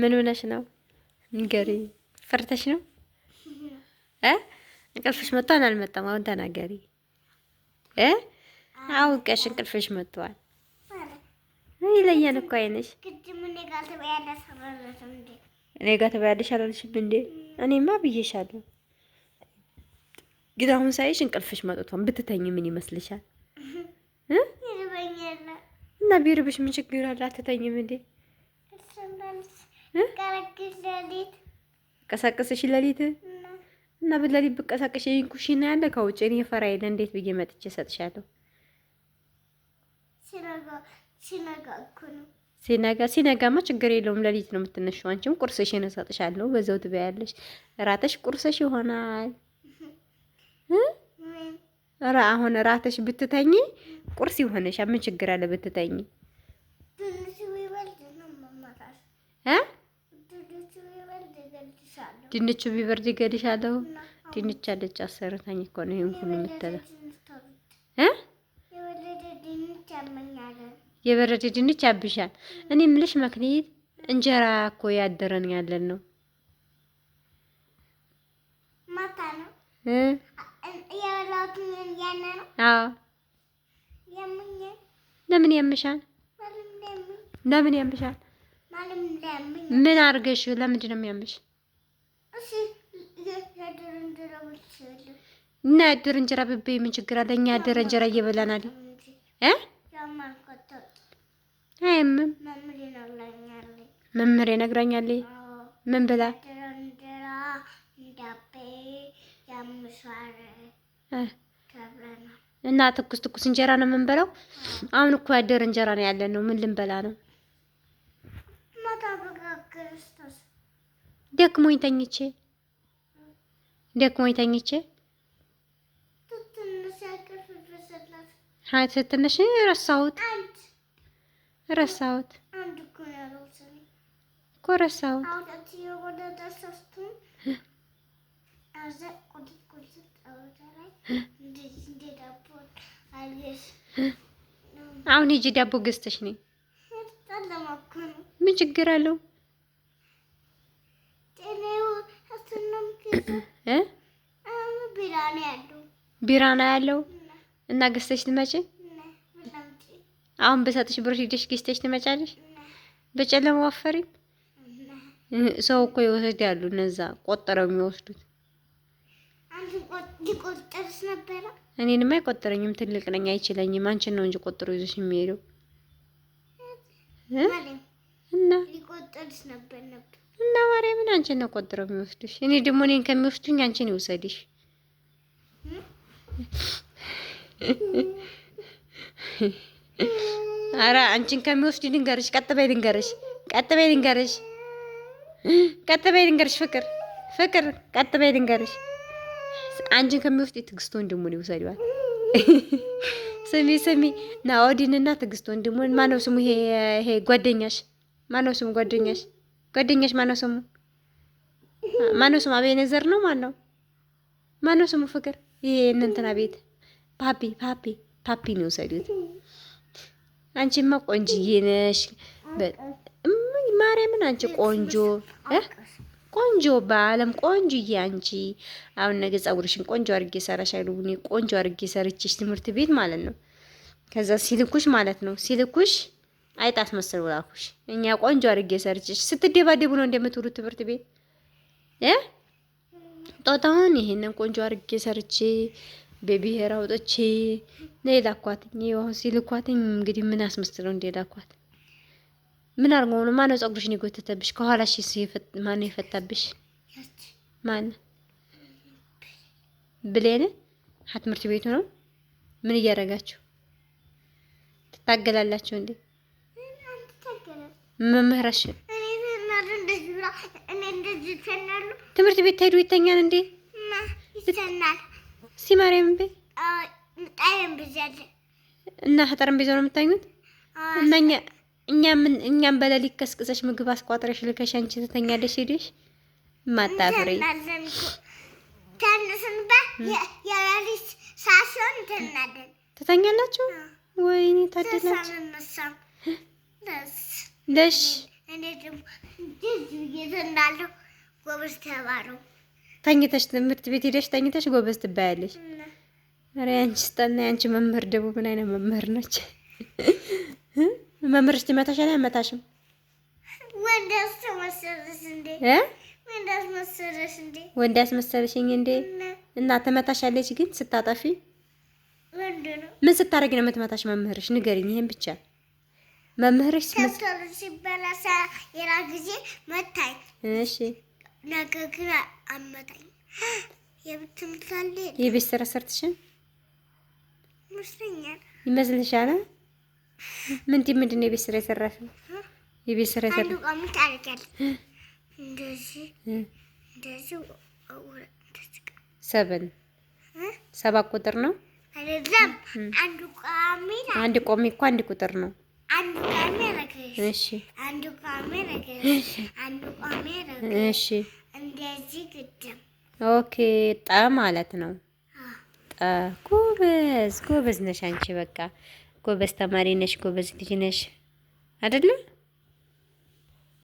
ምን ብለሽ ነው? ንገሪ። ፈርተሽ ነው? እ እንቅልፍሽ መጥቷል አልመጣም? አሁን ተናገሪ። እ አውቀሽ እንቅልፍሽ መጥቷል። ይለየን እኮ አይነሽ። እኔ ጋር ትበያለሽ አላልሽም እንዴ? እኔማ ብዬሻለሁ። ግን አሁን ሳይሽ እንቅልፍሽ መጥቷል። ብትተኝ ምን ይመስልሻል? እና ቢርብሽ ምን ችግር አለ? አትተኝም እንዴ? ቀሳቀስሽ ለሊት እና በለሊት ብቀሳቀሽ ይሄን ኩሽና ያለ ከውጭ እኔ ፈራ የለ እንዴት ብዬ መጥቼ ሰጥሻለሁ። ሲነጋ ሲነጋማ ችግር የለውም። ለሊት ነው የምትነሽው። አንቺም ቁርስሽን እሰጥሻለሁ፣ በዛው ትበያለሽ። እራተሽ ቁርስሽ ይሆናል። ራ አሁን እራተሽ ብትተኝ ቁርስ ይሆንሻል። ምን ችግር አለ ብትተኝ? ድንቹ ቢበርድ ይገድሻለሁ። ድንች አለች አሰርታኝ እኮ ነው ይሁን ሁሉ የምትለው እ የበረደ ድንች ያብሻል። እኔ ምልሽ መክሊት እንጀራ እኮ ያደረን ያለን ነው ማታ ነው እ ለምን ያምሻል? ለምን ያምሻል? ምን አድርገሽ? ለምንድን ነው የሚያምሽ? እና ያደረ እንጀራ ብትበይ ምን ችግር አለ? እኛ ያደረ እንጀራ እየበላናል። አይምም መምህሬ ምን ብላ? እና ትኩስ ትኩስ እንጀራ ነው የምንበላው። አሁን እኮ ያደረ እንጀራ ነው ያለን ነው። ምን ልንበላ ነው? ደክሞኝ ተኝቼ ደክሞኝ ተኝቼ ሀይ ስትነሽ ረሳሁት ረሳሁት እኮ ረሳሁት። አሁን ሂጂ ዳቦ ገዝተሽ ነኝ ምን ችግር አለው? ቢራ ነው ያለው እና ገዝተሽ ትመጪ? አሁን በሰጥሽ ብር ሂደሽ ገዝተሽ ትመጫለሽ? በጨለማ ወፈሪ ሰው እኮ ያሉ እነዛ ቆጠረው የሚወስዱት እኔንማ አይቆጥረኝም። ትልቅ ነኝ፣ አይችለኝም። አንቺን ነው እንጂ ቆጥሮ ይዞሽ የሚሄደው። እና ነበር ነበር እና ማርያምን አንቺን ነው ቆጥረው የሚወስዱሽ። እኔ ደግሞ እኔን ከሚወስዱኝ አንቺን ይውሰድሽ። አረ አንቺን ከሚወስድ ድንገርሽ፣ ቀጥ በይ ድንገርሽ፣ ቀጥ በይ ድንገርሽ፣ ቀጥ በይ ድንገርሽ። ፍቅር ፍቅር፣ ቀጥ በይ ድንገርሽ። አንቺን ከሚወስድ ትዕግስት ወንድሙን ይውሰደዋል። ስሚ ስሚ፣ እና ትዕግስት ወንድሙን ማነው ስሙ? ይሄ ይሄ ጓደኛሽ ማነው ስሙ? ጓደኛሽ ጓደኛሽ ማነው ስሙ? ማነው ስሙ? ነው ነው? ማነው ስሙ? ፍቅር ይሄ እንትና ቤት ፓፒ ፓፒ ፓፒ ነው ሰዱት። አንቺማ ቆንጅዬ ነሽ ማርያምን፣ አንቺ ቆንጆ ቆንጆ በዓለም ቆንጆዬ አንቺ። አሁን ነገ ጸጉርሽን ቆንጆ አድርጌ ሰራሽ አይሉ ቆንጆ አድርጌ ሰርችሽ ትምህርት ቤት ማለት ነው። ከዛ ሲልኩሽ ማለት ነው ሲልኩሽ አይጣ መስል ብላኩሽ እኛ ቆንጆ አድርጌ ሰርችሽ ስትደባደቡ ነው እንደምትውሉት ትምህርት ቤት እ ጦጣውን ይሄንን ቆንጆ አድርጌ ሰርቼ በብሔር አውጥቼ ነው የላኳትኝ። ይኸው ሲልኳትኝ እንግዲህ ምን አስመስለው እንደላኳት ምን አድርጎ ነው? ማነው ፀጉርሽን የጎተተብሽ? ከኋላሽ ሲፈት ማነው የፈታብሽ? ማን ብሌን ትምህርት ቤቱ ነው። ምን እያደረጋችሁ ትታገላላችሁ እንዴ? መምህረሽ ትምህርት ቤት ተሄዱ ይተኛል እንዴ? ይተኛል። እስቲ ማርያምን ቤት እና ጠረጴዛ ነው የምታኙት? እና እኛም እኛም በሌሊት ቀስቅሰሽ ምግብ አስቋጥረሽ ልከሽ አንቺ ትተኛለሽ ሄደሽ ማጣፍሬ ትተኛላችሁ። ወይኔ ታደላችሁ። ደሽ ተኝተሽ ትምህርት ቤት ሄደሽ ተኝተሽ ጎበዝ ትባያለሽ። ኧረ ያንቺ ስጠና ያንቺ መምህር ደግሞ ምን አይነት መምህር ነች? መምህርሽ ወንድ እንዴ? እና ትመታሻለች ግን ስታጠፊ? ነው ምን ነው የምትመታሽ መምህርሽ? ንገሪኝ ይሄን ብቻ መምህርሽ ሲበላሳ የራ ጊዜ መታኝ። እሺ ነገር ግን አመታኝ። የቤት ትምህርት አለ። የቤት ስራ ሰርተሽም ይመስለኛል ይመስልሻል? ምንድን ምንድን ነው የቤት ስራ የሰራሽው? የቤት ስራ የሰራሽው እንደዚህ እንደዚህ ሰበን ሰባት ቁጥር ነው። አንድ ቋሚ አንድ ቋሚ እኮ አንድ ቁጥር ነው። አንዱ ቋሚ ረገሽ፣ አንዱ ቋሚ ረገሽ፣ አንዱ ቋሚ ረገሽ። እንደዚህ ግድም። ኦኬ ጠ ማለት ነው። ጠ ጎበዝ፣ ጎበዝ ነሽ አንቺ። በቃ ጎበዝ ተማሪ ነሽ፣ ጎበዝ ልጅ ነሽ አይደለ?